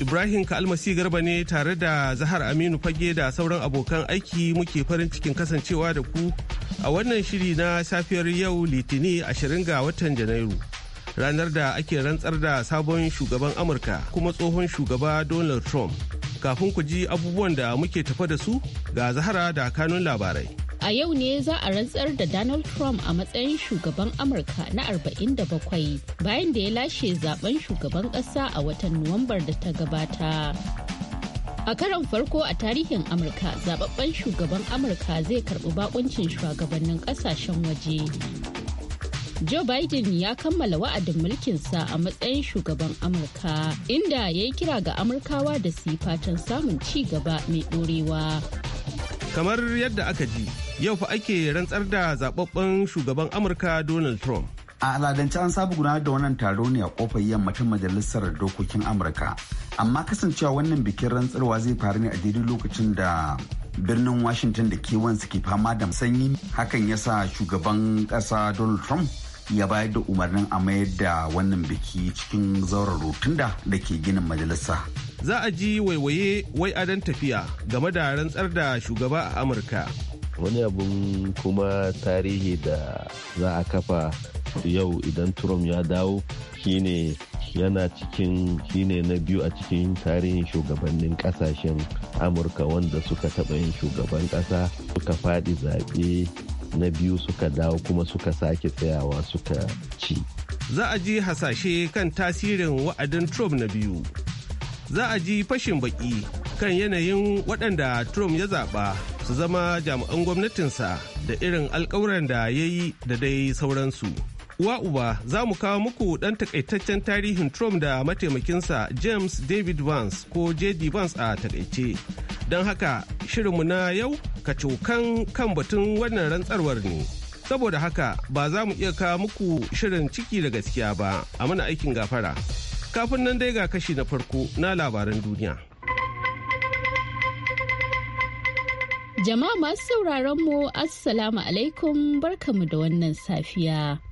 Ibrahim Kalmasi Garba ne tare da Zahar Aminu Fage da sauran abokan aiki muke farin cikin kasancewa da ku a wannan shiri na safiyar yau Litini 20 ga watan Janairu. Ranar da ake rantsar da sabon shugaban Amurka kuma tsohon shugaba Donald Trump. Kafin ku ji abubuwan da muke tafa da su ga Zahara da kanun labarai. a yau ne za a rantsar da donald trump a matsayin shugaban amurka na 47 bayan da ya lashe zaben shugaban ƙasa a watan nuwambar da ta gabata a karon farko a tarihin amurka zababben shugaban amurka zai karɓi bakuncin shugabannin ƙasashen waje Joe Biden ya kammala wa'adin mulkinsa a matsayin shugaban Amurka, inda ya yi kira ga Amurkawa da su fatan samun ci gaba mai ɗorewa. kamar yadda aka ji yau fa ake rantsar da zababben shugaban amurka donald trump a aladance an saba gudanar da wannan taro ne a kofar yammacin majalisar dokokin amurka amma kasancewa wannan bikin rantsarwa zai faru ne a daidai lokacin da birnin washington da kewan suke fama da sanyi hakan yasa shugaban kasa donald trump ya bayar da umarnin a mayar da wannan biki cikin zauren rotunda da ke ginin majalisa. Za a ji waiwaye wai a adon tafiya game da rantsar da shugaba a Amurka. Wani abun kuma tarihi da za a kafa yau idan Trump ya dawo shine yana cikin shine na biyu a cikin tarihin shugabannin kasashen amurka wanda suka taɓa yin shugaban ƙasa suka faɗi zaɓe na biyu suka dawo kuma suka sake tsayawa suka ci za a ji hasashe kan tasirin wa'adin trump na biyu za a ji fashin baki kan yanayin waɗanda trump ya zaɓa su zama jami'an gwamnatinsa da irin alkawuran da ya yi da dai sauransu. uwa uba za mu kawo muku ɗan takaitaccen tarihin Trump da mataimakinsa James David Vance ko JD Vance a takaice. Don haka shirinmu na yau ka cokan kan batun wannan rantsarwar ne. Saboda haka ba za mu iya kawo muku shirin ciki da gaskiya ba a mana aikin gafara. Kafin nan dai ga kashi na farko na labaran duniya. Jama'a masu sauraron mu Assalamu alaikum barkamu da wannan safiya.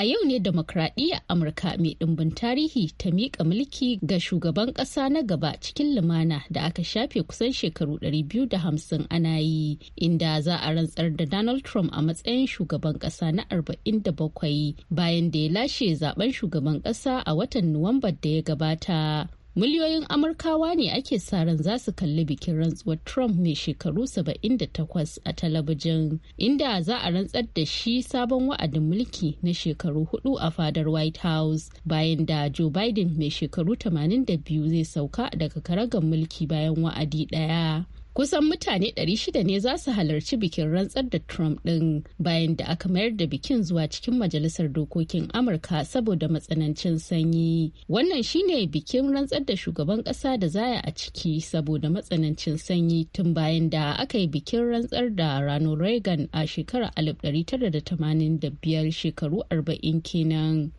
a yau ne demokradiyya amurka mai ɗimbin tarihi ta miƙa mulki ga shugaban ƙasa na gaba cikin lumana da aka shafe kusan shekaru 250 ana yi inda za a rantsar da donald trump a matsayin shugaban ƙasa na 47 bayan da ya lashe zaben shugaban ƙasa a watan nuwambar da ya gabata miliyoyin amurkawa ne ake sa ran za su kalli bikin rantsuwar trump mai shekaru 78 a talabijin inda za a rantsar da shi sabon wa'adin mulki na shekaru hudu a fadar white house bayan da joe biden mai shekaru 82 zai sauka daga karagar mulki bayan wa'adi daya kusan mutane 600 ne za su halarci bikin rantsar da trump ɗin bayan da aka mayar da bikin zuwa cikin majalisar dokokin amurka saboda matsanancin sanyi wannan shine bikin rantsar da shugaban ƙasa da zaya a ciki saboda matsanancin sanyi tun bayan da aka yi bikin rantsar da ranar reagan a shekarar 1985 shekaru 40 kenan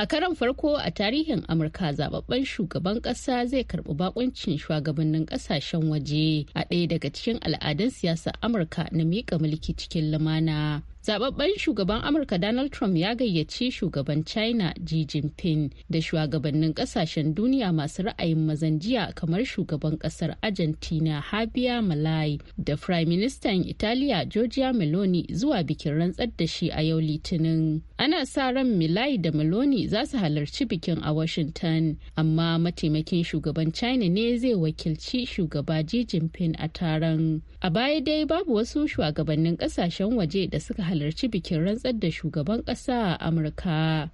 A karan farko a tarihin Amurka zababben shugaban ƙasa zai karɓi bakuncin shugabannin ƙasashen waje a ɗaya daga cikin al'adun siyasar Amurka na miƙa mulki cikin lumana. zababben shugaban amurka donald trump ya gayyaci shugaban china xi jinping da shugabannin kasashen duniya masu ra'ayin mazan jiya kamar shugaban kasar argentina habia malai da prime minister italiya giorgia meloni zuwa bikin rantsar da shi a yau litinin ana sa ran milai da meloni za su halarci bikin a washington amma mataimakin shugaban china ne zai wakilci shugaba xi jinping a taron a baya dai babu wasu shugabannin kasashen waje da suka halarci bikin rantsar da shugaban ƙasa a Amurka.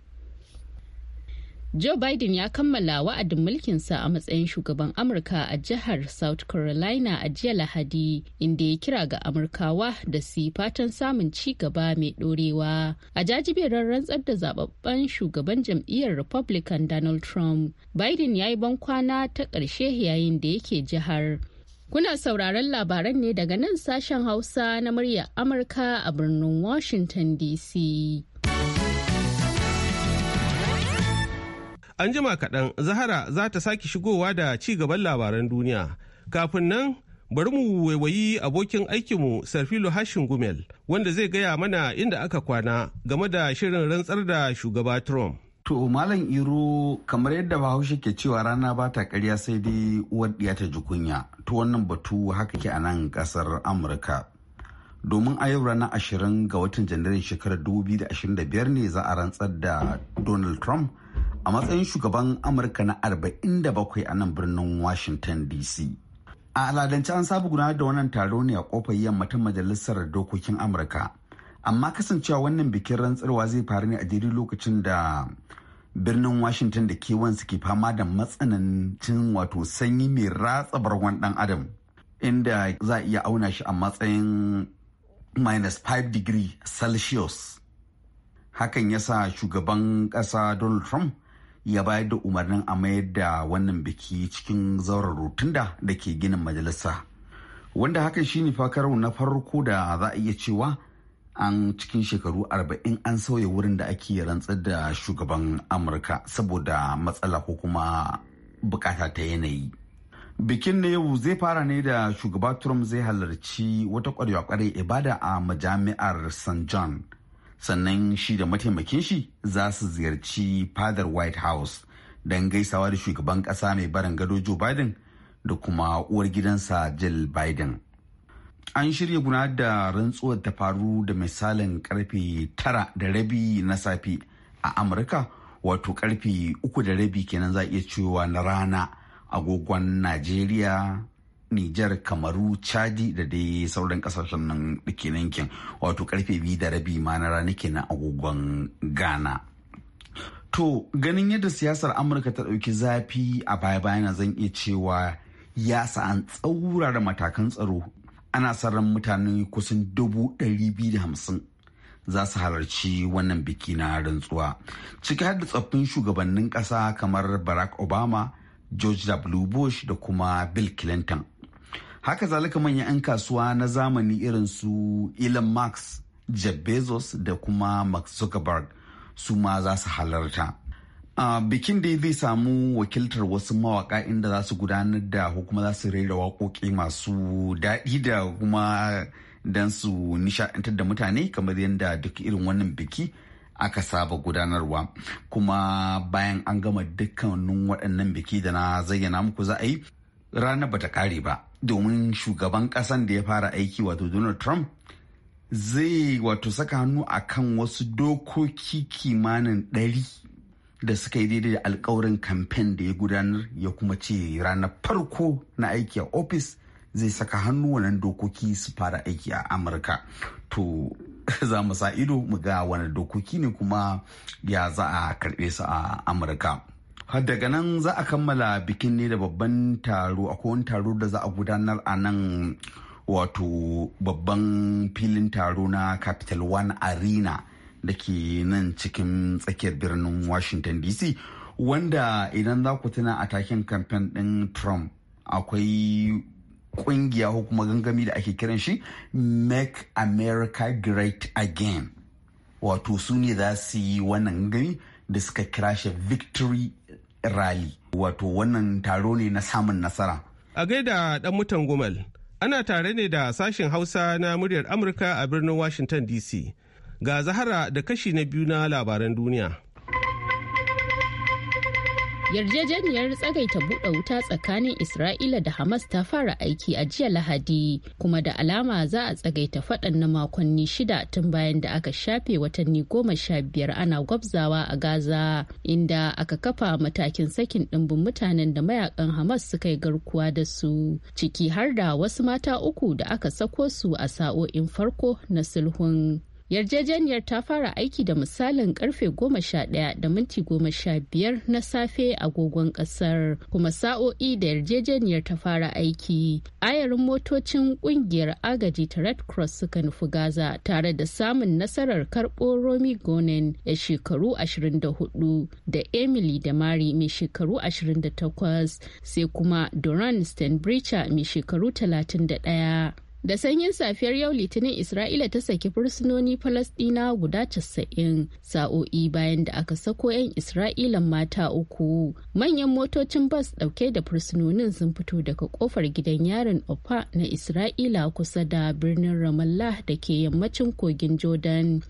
Joe Biden ya kammala wa'adin mulkinsa a matsayin shugaban Amurka a jihar South Carolina a jiya Lahadi, inda ya kira ga Amurkawa da su fatan samun ci gaba mai dorewa. A jajiberar rantsar da zababben shugaban jam'iyyar Republican Donald Trump, Biden ya yi bankwana ta ƙarshe yayin da yake jihar. Kuna sauraron labaran ne daga nan sashen Hausa na murya Amurka a birnin Washington DC. An jima kaɗan Zahara za ta sake shigowa da ci gaban labaran duniya. Kafin nan bari mu waiwayi abokin aikinmu Sarfilo Hashin Gumel wanda zai gaya mana inda aka kwana game da shirin rantsar da shugaba Trump. To Malam Iro kamar yadda Bahaushe ke cewa rana ba ta karya sai dai uwar ɗiya ta ji kunya. To wannan batu haka ke a nan ƙasar Amurka. Domin a yau ranar ashirin ga watan janairun shekarar biyar ne za a rantsar da Donald Trump a matsayin shugaban Amurka na arba'in da bakwai a nan birnin Washington DC. A aladance an sabu gudanar da wannan taro ne a kofar yamma ta Majalisar Dokokin Amurka. amma kasancewa wannan bikin rantsarwa zai faru ne a daidai lokacin da birnin washington da kewan suke fama da matsanancin wato sanyi mai ratsa bargon dan adam inda za a iya auna shi a matsayin minus 5 degree celsius hakan ya sa shugaban kasa donald trump ya bayar da umarnin a mayar da wannan biki cikin zauren rotunda da ke ginin majalisa wanda hakan shine fakarau na farko da za a iya cewa an cikin shekaru 40 an sauya wurin da ake rantsar da shugaban amurka saboda matsala ko kuma bukata ta yanayi bikin na yau zai fara ne da shugaba trump zai halarci wata kwarewa kwarai ibada a majami'ar st john sannan shi da mataimakin shi za su ziyarci fadar white house don gaisawa da shugaban kasa mai barin gado joe biden da kuma uwar gidansa jill biden an shirya gudanar da rantsuwar ta faru da misalin karfe tara da rabi na safe a amurka wato karfe uku da rabi kenan za iya cewa na rana agogon najeriya nijar kamaru chadi da dai sauran kasashen nan dake yankin wato karfe biyu da rabi ma na rana kenan agogon ghana to ganin yadda siyasar amurka ta ɗauki zafi a baya bayan zan iya cewa ya sa an tsaurara matakan tsaro ana sa ran mutane kusan dubu ɗari biyu da hamsin za su halarci wannan biki na rantsuwa ciki har da tsoffin shugabannin ƙasa kamar barack obama george w bush da kuma bill clinton haka zalika manyan 'yan kasuwa na zamani irin su elon musk jeff bezos da kuma mark zuckerberg su ma za su halarta bikin dai zai samu wakiltar wasu mawaka inda za su gudanar da kuma za su rera waƙoƙi masu daɗi da kuma don su nishaɗantar da mutane kamar yadda duk irin wannan biki aka saba gudanarwa kuma bayan an gama dukkanin waɗannan biki da na zayyana muku za a yi ranar bata ƙare ba domin shugaban ƙasan da ya fara aiki wato donald trump zai wato saka hannu a kan wasu dokoki kimanin ɗari da suka yi daidai da alkawarin kamfen da ya gudanar ya kuma ce ranar farko na aiki a ofis zai saka hannu wannan dokoki su fara aiki a amurka to za mu sa ido mu ga wani dokoki ne kuma ya za a karbe su a amurka har daga nan za a kammala bikin ne da babban taro akwai wani taro da za a gudanar a nan wato babban filin taro na capital one arena da ke nan cikin tsakiyar birnin washington dc wanda idan za ku tuna a takin kamfen ɗin trump akwai kungiya ko kuma gangami da ake kiran shi make america great again wato su ne za su yi wannan gangami da suka kira shi victory rally wato wannan taro ne na samun nasara a gaida dan mutan gumal ana tare ne da sashen hausa na muryar amurka a birnin washington dc Ga Zahara da kashi na biyu na labaran duniya. Yarjejeniyar tsagaita buɗe wuta tsakanin Isra'ila da Hamas ta fara aiki a jiya Lahadi, kuma da alama za a tsagaita faɗan na makonni shida tun bayan da aka shafe watanni goma sha biyar ana gwabzawa a Gaza, inda aka kafa matakin sakin ɗimbin mutanen da mayakan Hamas suka yi garkuwa da su, ciki har da wasu mata uku da aka sako su a sa'o'in farko na sulhun. yarjejeniyar ta fara aiki da misalin karfe 11 da minti 15 na safe agogon kasar kuma sa'o'i da yarjejeniyar ta fara aiki ayarin motocin kungiyar agaji ta red cross suka nufi gaza tare da samun nasarar karɓo romi gonen ya shekaru 24 da emily da mari mai shekaru 28 sai kuma doran stanbricha mai shekaru 31 da sanyin safiyar yau litinin isra'ila ta saki fursunoni falasdina guda 90 sa'o'i bayan da aka sako 'yan isra'ilan mata uku manyan motocin bas dauke da fursunonin sun fito daga kofar gidan yarin opa na isra'ila kusa da birnin ramallah da ke yammacin kogin jordan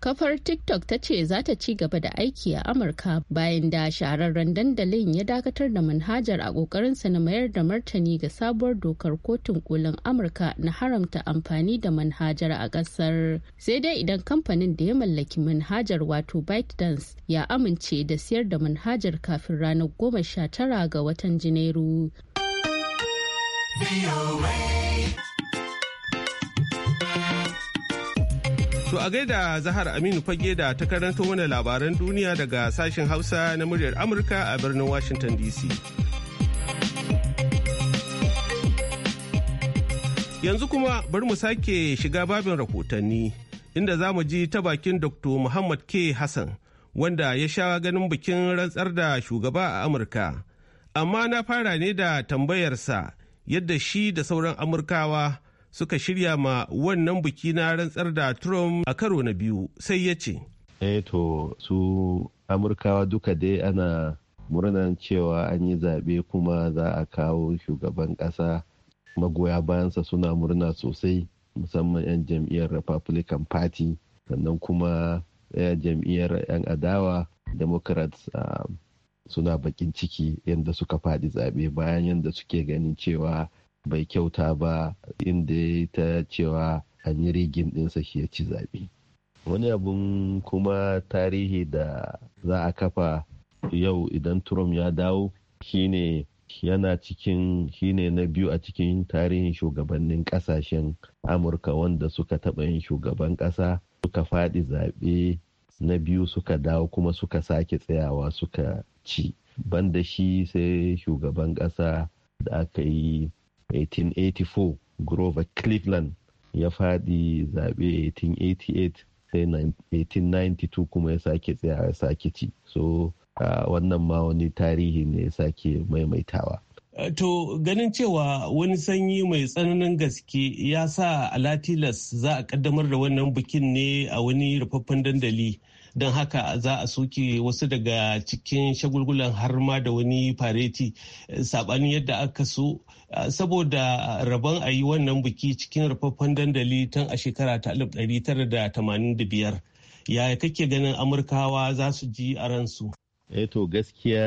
Kafar TikTok ta ce za ta ci gaba da aiki a Amurka bayan da shahararren dandalin ya dakatar da manhajar a ƙoƙarinsa na mayar da martani ga sabuwar dokar kotun kolin Amurka na haramta amfani da manhajar a ƙasar. Sai dai idan kamfanin da ya mallaki manhajar wato ByteDance ya amince da siyar da manhajar kafin ranar goma sha tara ga watan Janairu. To a gaida Zahar Aminu fage da ta karanto mana labaran duniya daga sashen Hausa na muryar Amurka a birnin Washington DC. Yanzu kuma bari mu sake shiga babin rahotanni inda za mu ji ta bakin Dr. Muhammad K. Hassan wanda ya sha ganin bikin rantsar da shugaba a Amurka. Amma na fara ne da tambayarsa yadda shi da sauran Amurkawa suka shirya ma wannan biki na rantsar da Trump a karo na biyu sai ya ce. Eh to su Amurkawa duka dai ana murnan cewa an yi zaɓe kuma za a kawo shugaban ƙasa magoya bayansa suna murna sosai musamman 'yan jam'iyyar Republican Party sannan kuma 'yan eh, jam'iyyar 'yan adawa Democrats ah, suna bakin ciki yadda suka faɗi zaɓe bayan yadda suke ganin cewa bai kyauta ba inda ya ta cewa an yi rigin ɗinsa shi ya ci zaɓe. Wani abun kuma tarihi da za a kafa yau idan Trump ya dawo shine yana cikin shine na biyu a cikin tarihin shugabannin ƙasashen Amurka wanda suka taɓa yin shugaban ƙasa suka faɗi zaɓe na biyu suka dawo kuma suka sake tsayawa suka ci. Banda shi sai shugaban ƙasa da aka yi 1884 grover cleveland ya faɗi zaɓe 1888 sai 1892 kuma ya sake tsaya ya sake ci so uh, wannan ma wani tarihi ne ya sake maimaitawa To ganin cewa wani sanyi mai tsananin gaske ya sa alatilas za a kaddamar da wannan bikin ne a wani rufaffen dandali don haka za a soke wasu daga cikin shagulgulan har ma da wani fareti sabanin yadda aka so saboda rabon a yi wannan biki cikin rufaffen dandali tun a shekara ta 1985 yaya kake ganin amurkawa za su ji a ransu eto eh gaskiya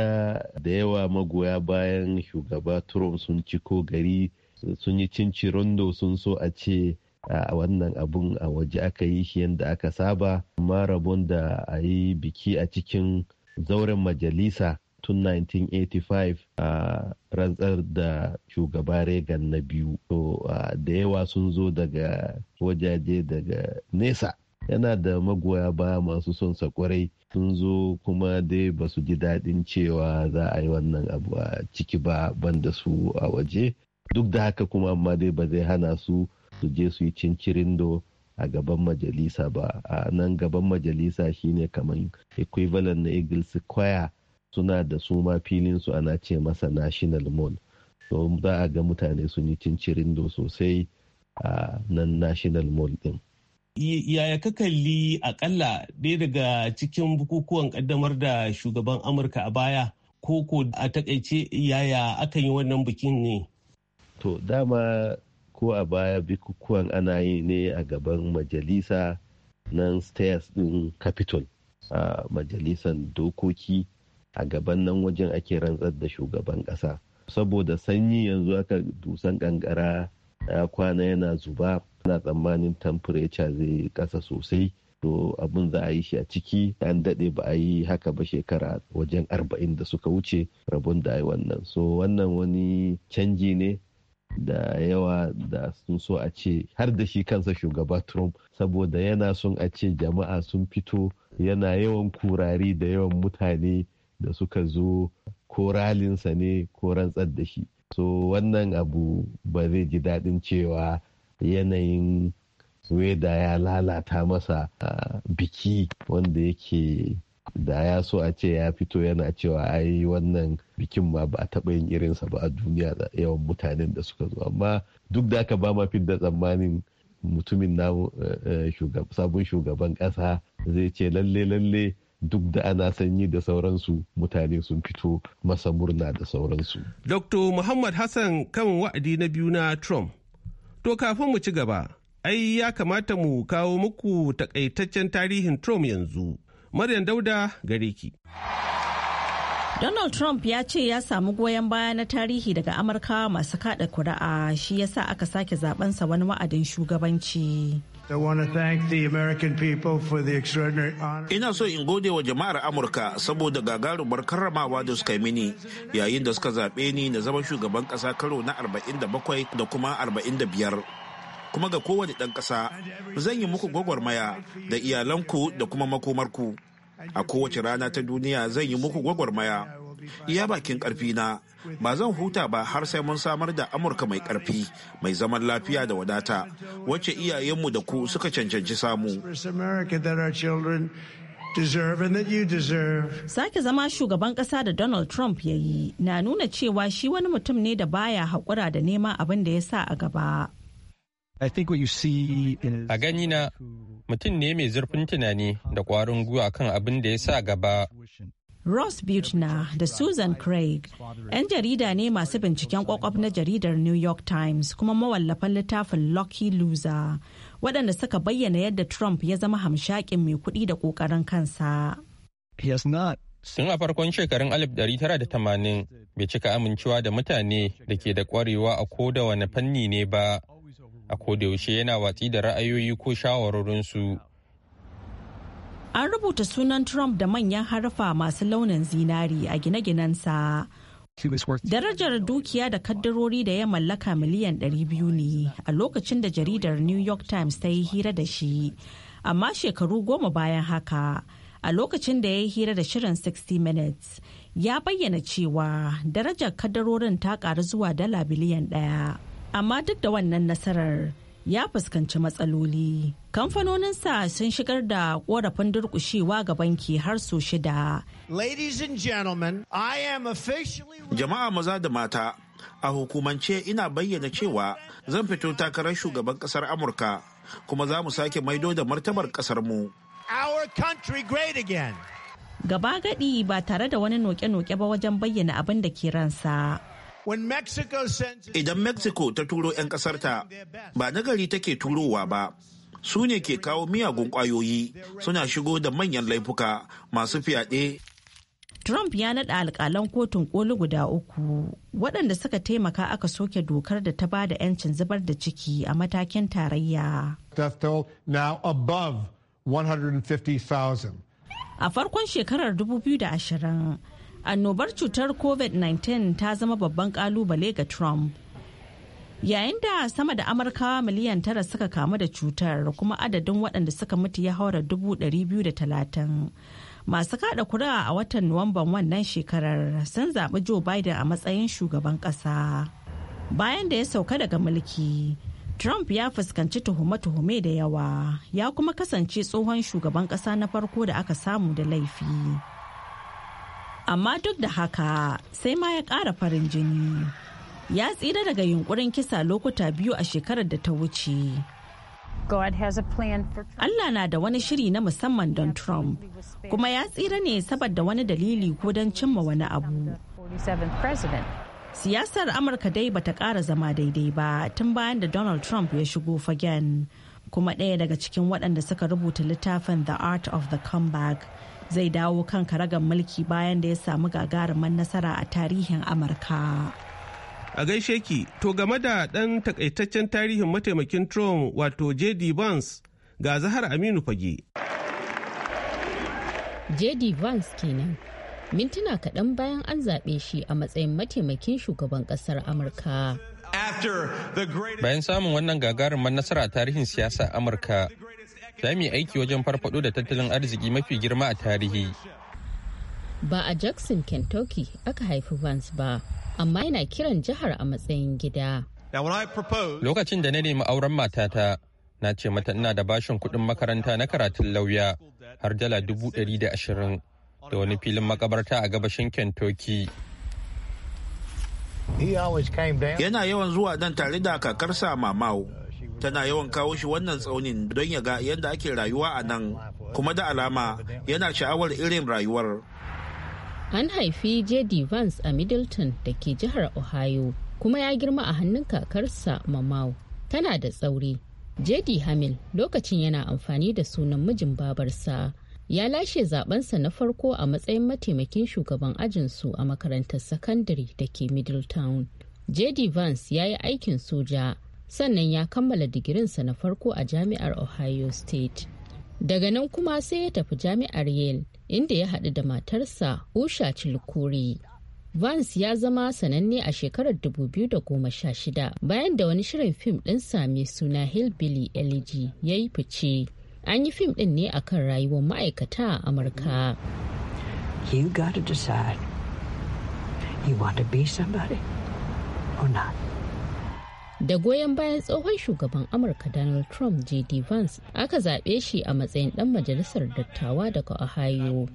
da yawa magoya bayan shugaba trump sun ciko gari sun yi cincirondo sun so a ce a wannan abun a waje aka yi shi yadda aka saba amma rabon da a yi biki a cikin zauren majalisa tun 1985 a rantsar da shugaba Reagan na biyu to da yawa sun zo daga wajaje daga nesa yana da magoya ba masu son sa kwarai sun zo kuma dai ba su ji daɗin cewa za a yi wannan abu a ciki ba banda su a waje duk da haka kuma amma dai ba zai hana su su je su yi cincirindo a gaban majalisa ba a nan gaban majalisa shine kamar equivalent na eagle square suna da su ma filin su ana ce masa national mall to za a ga mutane sun yi cincirindo sosai a nan national mall din yaya ka kalli akalla ɗaya daga cikin bukukuwan kaddamar da shugaban amurka a baya ko ko a takaice yaya akan yi wannan bikin ne to dama ko a baya bikukuwan ana yi ne a gaban majalisa nan stairs din capitol a majalisan dokoki a gaban nan wajen ake rantsar da shugaban kasa saboda sanyi yanzu aka dusan kankara ya kwana yana zuba ana tsammanin temperature zai kasa sosai to abin za a yi shi a ciki an daɗe ba a yi haka ba shekara wajen arba'in da suka wuce rabon da yi wannan so wannan wani canji ne da yawa da sun so a ce har da shi kansa shugaba trump saboda yana son a ce jama'a sun fito yana yawan kurari da yawan mutane da suka zo ko ralinsa ne ko rantsar da shi so wannan abu ba zai ji daɗin cewa yanayin weda ya lalata masa ah, biki wanda yake da ya so a ce ya fito yana cewa ai wannan bikin ma ba a taɓa yin irinsa ba a duniya da yawan mutanen da suka zo amma duk da aka ba ma da tsammanin mutumin na eh, eh, sabon shugaban ƙasa zai ce lalle lalle duk da ana sanyi da sauransu mutane sun fito masa murna da sauransu. Dr. Muhammad Hassan kan wa'adi na biyu na Trump. To kafin mu ci gaba, ai ya kamata mu kawo muku takaitaccen tarihin Trump yanzu. Maryam Dauda gare ki. Donald Trump ya ce ya samu goyon baya na tarihi daga Amurka masu kada kuri'a shi ya sa aka sake zabensa wani wa'adin shugabanci. Ina so in gode wa jama'ar Amurka saboda gagarumar karramawa da suka mini yayin da suka zaɓe ni na zama shugaban ƙasa karo na 47 da kuma 45. kuma ga kowane ɗan ƙasa zan yi muku gwagwarmaya da iyalanku da kuma makomarku a kowace rana ta duniya zan yi muku gwagwarmaya iya bakin na ba zan huta ba har sai mun samar da amurka mai ƙarfi mai zaman lafiya da wadata wacce iyayenmu da ku suka cancanci samu Sake zama shugaban kasa da Donald Trump ya yi na nuna cewa shi wani mutum ne da baya haƙura da neman abin da ya sa a gaba. A gani na mutum ne mai zurfin tunani da ƙwarin gwiwa kan abin da ya sa gaba. Ross Butner da Susan Craig, 'yan jarida ne masu binciken kwakwaf na jaridar New York Times kuma mawallafan littafin Lucky Loser, waɗanda suka bayyana yadda Trump ya zama hamshakin mai kuɗi da ƙoƙarin kansa. Sun a farkon shekarun 1980 bai cika amincewa da mutane da ke da ƙwarewa a ko da wani fanni ne ba. a kodayaushe yana watsi da ra'ayoyi ko shawarorinsu. An rubuta sunan Trump da manyan harfa masu launin zinari a gine-ginensa. Darajar dukiya da kaddarori da ya mallaka miliyan 200 ne a lokacin da jaridar New York Times ta yi hira da shi. Amma shekaru goma bayan haka, a lokacin da ya yi hira da shirin 60 Minutes, ya bayyana cewa darajar kaddarorin ta ƙaru zuwa dala biliyan ɗaya. amma duk da wannan nasarar ya fuskanci matsaloli kamfanonin sa sun shigar da korafin durkushewa ga banki har su shida jama'a maza da mata a hukumance ina bayyana cewa zan fito takarar shugaban kasar amurka kuma za mu sake maido da martabar kasar mu gaba gadi ba tare da wani noke-noke ba wajen bayyana abin da ke ransa Idan Mexico ta turo 'yan ƙasarta ba nagari take turowa ba, su ne ke kawo miyagun ƙwayoyi suna shigo da manyan laifuka masu fyaɗe. Trump ya naɗa alƙalan kotun ƙoli guda uku waɗanda suka taimaka aka soke dokar da ta ba da 'yancin zubar da ciki a matakin tarayya. A farkon shekarar 2020 annobar cutar covid-19 ta zama babban kalubale ga trump yayin da sama da amurkawa miliyan tara suka kamu da cutar kuma adadin waɗanda suka mutu ya haura dubu biyu da talatin masu kada kuri'a a watan nuwamban wannan shekarar sun zaɓi joe biden a matsayin shugaban ƙasa bayan da ya sauka daga mulki trump ya fuskanci tuhume-tuhume da yawa ya kuma kasance tsohon shugaban ƙasa na farko da aka samu da laifi. amma duk da haka sai ma ya ƙara farin jini ya tsira daga yunkurin kisa lokuta biyu a shekarar da ta wuce Allah na da wani shiri na musamman don Trump kuma ya tsira ne saboda wani dalili ko don cimma wani abu siyasar amurka dai bata kara zama daidai ba tun bayan da donald trump ya shigo fagen kuma ɗaya daga cikin waɗanda suka rubuta littafin the art of the comeback zai dawo kan karagan mulki bayan da ya samu gagarumin nasara a tarihin amurka a gaishe ki to game da ɗan takaitaccen tarihin mataimakin trump wato jd vance ga zahar aminu fage jd vance kenan mintuna kaɗan bayan an zaɓe shi a matsayin mataimakin shugaban ƙasar amurka bayan samun wannan gagarumar nasara tarihin siyasa amurka ta aiki wajen farfado da tattalin arziki mafi girma a tarihi. Ba a Jackson, Kentucky aka haifi Vance ba, amma yana kiran jihar a matsayin gida. Lokacin da na nemi auren matata, na ce mata ina da bashin kuɗin makaranta na karatun lauya har dala dubu ɗari da ashirin da wani filin makabarta a gabashin Kentucky. Yana yawan zuwa dan tare da kakarsa mamau. tana yawan kawo shi wannan tsaunin don ya ga yadda ake rayuwa a nan kuma da alama yana sha'awar irin rayuwar an haifi jd vance a middleton da ke jihar ohio kuma ya girma a hannun kakarsa mamau tana da tsauri jd hamil lokacin yana amfani da sunan mijin babarsa ya lashe zabensa na farko a matsayin mataimakin shugaban ajinsu a makarantar sakandare da ke middletown jd vance ya yi aikin soja sannan ya kammala digirinsa na farko a jami'ar ohio state daga nan kuma sai ya tafi jami'ar yale inda ya haɗu da matarsa usha cilkuri vance ya zama sananne a shekarar 2016 bayan da wani shirin fim ɗin sami suna hillbilly elegy ya yi fice an yi fim ɗin ne akan rayuwar ma'aikata a amurka you gotta decide you want to be somebody or not da goyon bayan tsohon shugaban amurka donald trump jd vance aka zaɓe shi a matsayin ɗan majalisar dattawa daga ohio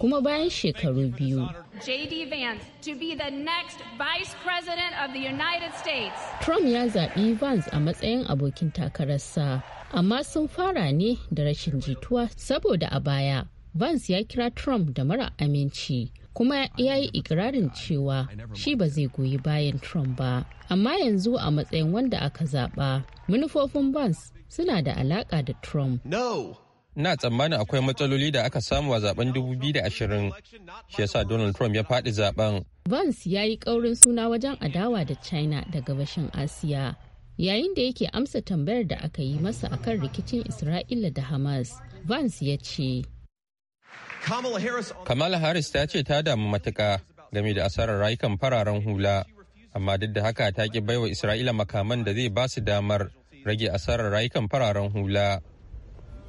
kuma bayan shekaru biyu jd vance to be the next vice president of the united states trump ya zaɓi vance a matsayin abokin takararsa amma sun fara ne da rashin jituwa saboda a baya vance ya kira trump da mara aminci kuma ya yi ikirarin cewa shi ba zai goyi bayan Trump ba. Amma yanzu a matsayin wanda aka zaɓa, manufofin Vance suna da alaƙa da Trump. Na tsammanin akwai matsaloli da aka samu a zaben 2020, shi yasa Donald Trump ya faɗi zaben. Vance ya yi ƙaurin suna wajen adawa da China da bashin Asiya. Yayin da yake amsa tambayar da aka yi masa akan rikicin Isra'ila da Hamas, Vance ya ce, Kamala Harris ta ce ta damu matuka game da asarar rayukan fararen hula, amma duk da haka ta ki baiwa Isra'ila makaman da zai ba su damar rage asarar rayukan fararen hula.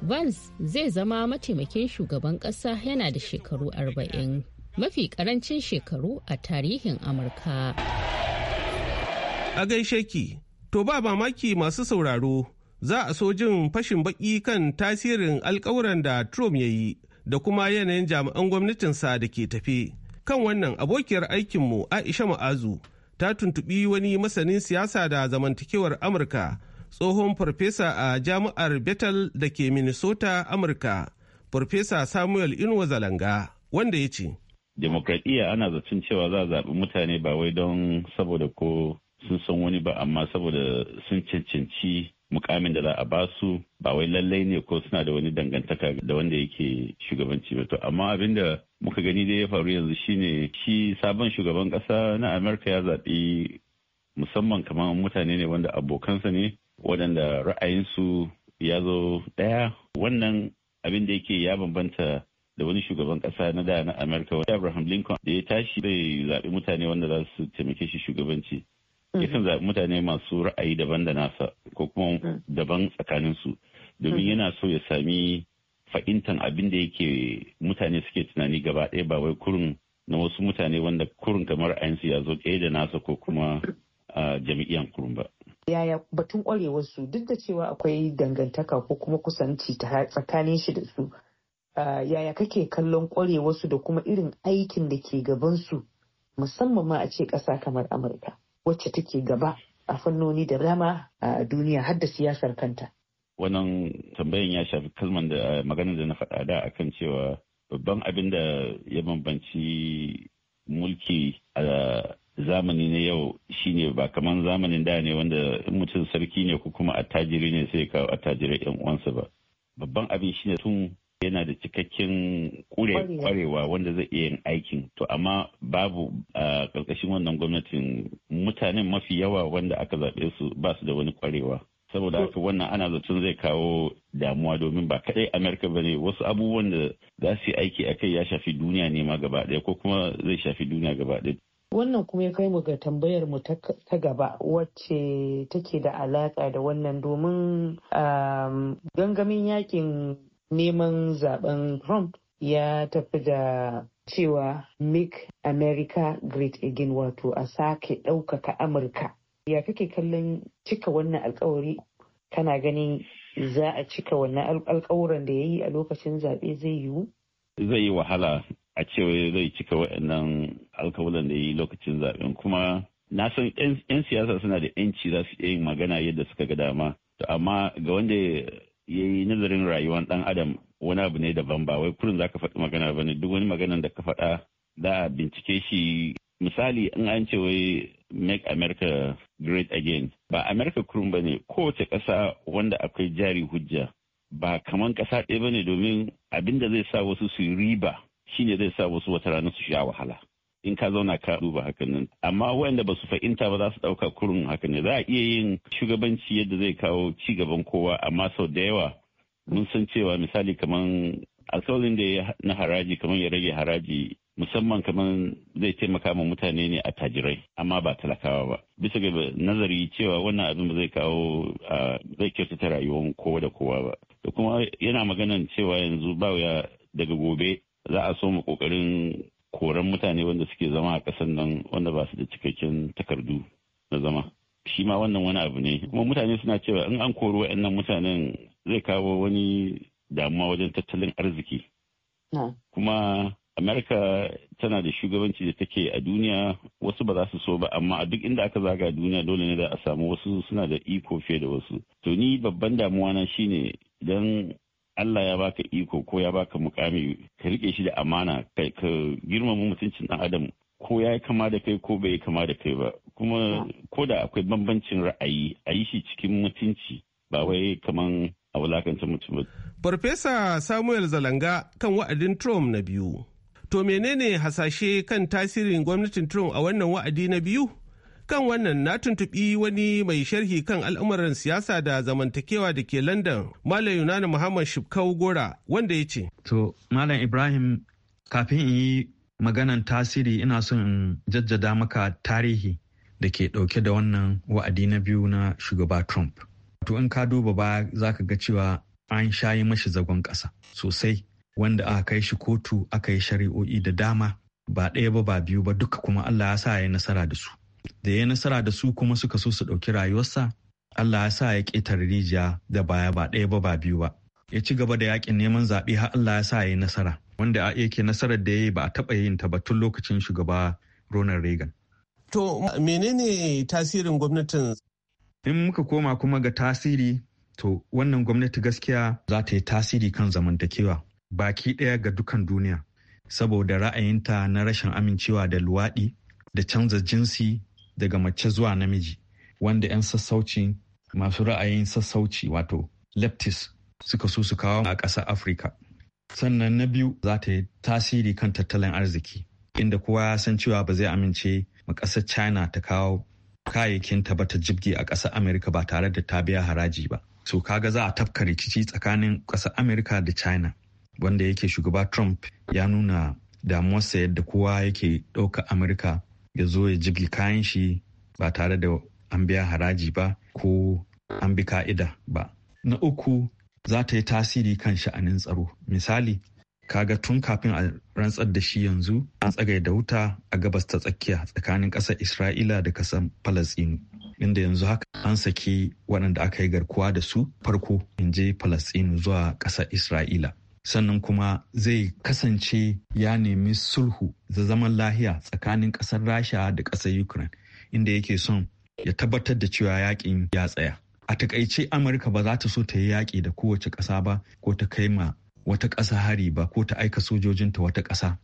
Vance zai zama mataimakin shugaban ƙasa yana da shekaru 40, mafi ƙarancin shekaru a tarihin Amurka. A gaishe ki, to ba mamaki masu sauraro za a so jin fashin baƙi kan tasirin alƙawuran da Trump ya yi. da kuma yanayin jami'an gwamnatinsa da ke tafe. Kan wannan abokiyar aikinmu Aisha Ma'azu ta tuntuɓi wani masanin siyasa da zamantakewar Amurka tsohon farfesa a jami'ar Bethel da ke Minnesota, Amurka, farfesa Samuel Inuwa Zalanga, wanda ya ce. Demokradiyya ana zaton cewa za a zaɓi mutane ba wai don saboda ko sun san wani ba amma saboda sun cancanci mukamin da za a ba su ba wai lallai ne ko suna da wani dangantaka da wanda yake shugabanci ba to amma abin da muka gani dai ya faru yanzu shine shi sabon shugaban kasa na Amurka ya zaɓi musamman kamar mutane ne wanda abokansa ne waɗanda ra'ayinsu ya zo ɗaya wannan abin da yake ya bambanta da wani shugaban kasa na da na Amurka Abraham Lincoln da ya tashi bai zaɓi mutane wanda za su taimake shi shugabanci kan mm-hmm. zaɓi mutane masu ra'ayi daban da nasa ko kuma mm. daban tsakanin su. domin mm-hmm. yana so ya sami fahimtar abin da yake mutane suke tunani gaba ɗaya ba wai kurin na wasu mutane wanda kurin kamar ra'ayinsu ya zo ɗaya da nasa ko kuma mm-hmm. ah, jami'an kurin ba. Yaya batun su duk da cewa akwai dangantaka ko kuma kusanci tsakanin shi da su ah, yaya kake kallon su da kuma irin aikin da ke gaban su musamman ma a ce ƙasa kamar Amurka. wacce take gaba a fannoni da dama a duniya har da siyasar kanta. Wannan tambayan ya shafi kalman da maganar da na faɗa da akan cewa babban abin da ya bambanci mulki a zamani na yau shine ba kamar zamanin da ne wanda in mutum sarki ne ko kuma attajiri ne sai kawo attajirai yan uwansa ba babban abin shine tun yana da cikakken kwarewa wanda zai iya yin aikin to amma babu a ƙarƙashin wannan gwamnatin mutanen mafi yawa wanda aka zaɓe su ba su da wani kwarewa saboda haka wannan ana zaton zai kawo damuwa domin ba kaɗai amerika ba ne wasu abubuwan da za su yi aiki a kai ya shafi duniya ne ma gaba ɗaya ko kuma zai shafi duniya gaba ɗaya wannan kuma ya kai mu ga tambayar mu ta gaba wacce take da alaka da wannan domin gangamin yakin neman zaben Trump ya tafi da cewa make America great again wato a sake ɗaukaka Amurka. Ya kake kallon cika wannan alkawari kana ganin za a cika wannan alkawuran da ya yi a lokacin zaɓe zai yiwu? Zai yi wahala a cewa zai cika waɗannan alkawuran da ya yi lokacin zaɓen kuma na san 'yan siyasa suna da 'yanci za su iya yin magana yadda suka ga dama. to amma ga wanda ya yi nazarin rayuwar ɗan adam wani abu ne daban ba wai kurin za ka faɗi magana ba ne duk wani maganan da ka faɗa za a bincike shi misali in an ce wai make america great again ba america kurun ba ne kowace ƙasa wanda akwai jari hujja ba kaman ƙasa ɗaya ba domin abin da zai sa wasu su riba shine zai sa wasu wata rana su sha wahala in ka zauna ka duba hakan nan amma waɗanda ba su fahimta ba za su ɗauka kurun hakan ne za a iya yin shugabanci yadda zai kawo ci gaban kowa amma sau da yawa mun san cewa misali kamar alƙawarin da ya na haraji kamar ya rage haraji musamman kamar zai taimaka ma mutane ne a tajirai amma ba talakawa ba bisa ga nazari cewa wannan abin ba zai kawo zai kyautata rayuwar kowa da kowa ba da kuma yana maganan cewa yanzu ba daga gobe za a so mu kokarin koran mutane wanda suke zama a ƙasar nan wanda ba su da cikakken takardu na zama shi ma wannan wani abu ne kuma mutane suna cewa in an kori wa'annan mutanen zai kawo wani damuwa wajen tattalin arziki kuma amerika tana da shugabanci da take a duniya wasu ba za su so ba amma a duk inda aka zaga duniya dole ne da a samu wasu suna da iko fiye da wasu to ni babban damuwa na shine idan Allah ya baka iko ko ya baka mukami ka rike shi da amana ka girmama mutuncin dan adam ko ya kama da kai ko bai kama da kai ba kuma ko da akwai bambancin ra'ayi a yi shi cikin mutunci ba wai kaman a wulakancin mutum ba. Farfesa Samuel Zalanga kan wa'adin Trump na biyu. To menene hasashe kan tasirin gwamnatin Trump a wannan wa'adi na biyu? kan wannan na tuntubi wani mai sharhi kan al'amuran siyasa da zamantakewa da ke london malam yunani muhammad shibkau gora wanda ya ce to malam ibrahim kafin in yi maganan tasiri ina son in jajjada maka tarihi da ke dauke da wannan wa'adi na biyu na shugaba trump to in ka duba ba za ka ga cewa an sha shayi mashi zagon ƙasa sosai wanda aka kai shi kotu aka yi shari'o'i da dama ba ɗaya ba ba biyu ba duka kuma allah ya sa ya nasara da su da ya nasara da su kuma suka so su ɗauki rayuwarsa Allah ya sa ya ƙetare rijiya da baya ba ɗaya ba ba biyu ba ya ci gaba da yakin neman zaɓe har Allah ya sa ya yi nasara wanda a yake nasarar da ya yi ba a taɓa yin ta ba tun lokacin shugaba Ronald Reagan. To menene tasirin gwamnatin? In muka koma kuma ga tasiri to wannan gwamnati gaskiya za ta yi tasiri kan zamantakewa baki ɗaya ga dukan duniya saboda ra'ayinta na rashin amincewa da luwaɗi da canza jinsi daga mace zuwa namiji wanda 'yan sassauci masu ra'ayin sassauci wato leptis suka so su kawo a ƙasar afirka sannan na biyu za ta yi tasiri kan tattalin arziki inda kowa ya san cewa ba zai amince ma ƙasar china ta kawo kayayyakin ta ba ta jibge a ƙasar amerika ba tare da ta biya haraji ba so kaga za a tafka rikici tsakanin ƙasar amerika da china wanda yake shugaba trump ya nuna damuwarsa yadda kowa yake ɗauka amurka ya zo ya jigi kayan shi ba tare da an biya haraji ba ko an bi ka'ida ba. Na uku za ta yi tasiri kan sha'anin tsaro. Misali, kaga tun kafin a rantsar da shi yanzu an tsagai da wuta a gabas ta tsakiya tsakanin ƙasar Isra'ila da ƙasar Falasɗinu. Inda yanzu haka an saki waɗanda aka yi garkuwa da su farko in je Falasɗinu zuwa ƙasar Isra'ila. sannan kuma zai kasance ya nemi sulhu da zaman lahiya tsakanin ƙasar rasha da ƙasar ukraine inda yake son ya tabbatar da cewa yakin ya tsaya a takaice amurka ba za ta so ta yi yaƙi da kowace ƙasa ba ko ta kai ma wata ƙasa hari ba ko ta aika sojojinta wata ƙasa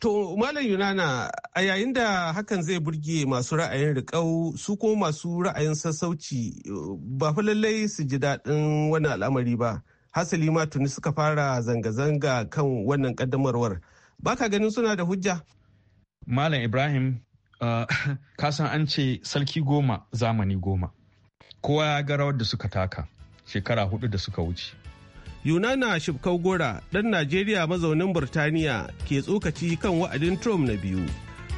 To Malam Yunana a yayin da hakan zai burge masu ra'ayin riƙau su kuma masu ra'ayin sassauci ba fa lallai su ji daɗin wani al'amari ba. hasali ma tuni suka fara zanga-zanga kan wannan kaddamarwar baka ganin suna da hujja malam ibrahim ah, ka san an ce sarki goma zamani goma kowa ya ga rawar da suka taka shekara hudu da suka wuce yunana shifkau gora dan najeriya mazaunin burtaniya ke tsokaci kan wa'adin trump na biyu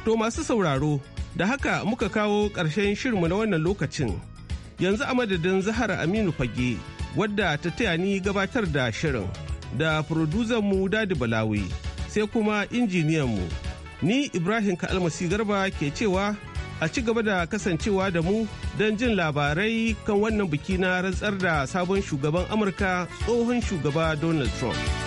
to masu sauraro da haka muka kawo ƙarshen shirmu na wannan lokacin yanzu a madadin zahar aminu fage wadda ta taya ni gabatar da shirin da mu dadi balawi sai kuma injiniyan mu ni ibrahim kalmasi garba ke cewa a ci gaba da kasancewa da mu don jin labarai kan wannan biki na rantsar da sabon shugaban amurka tsohon shugaba donald trump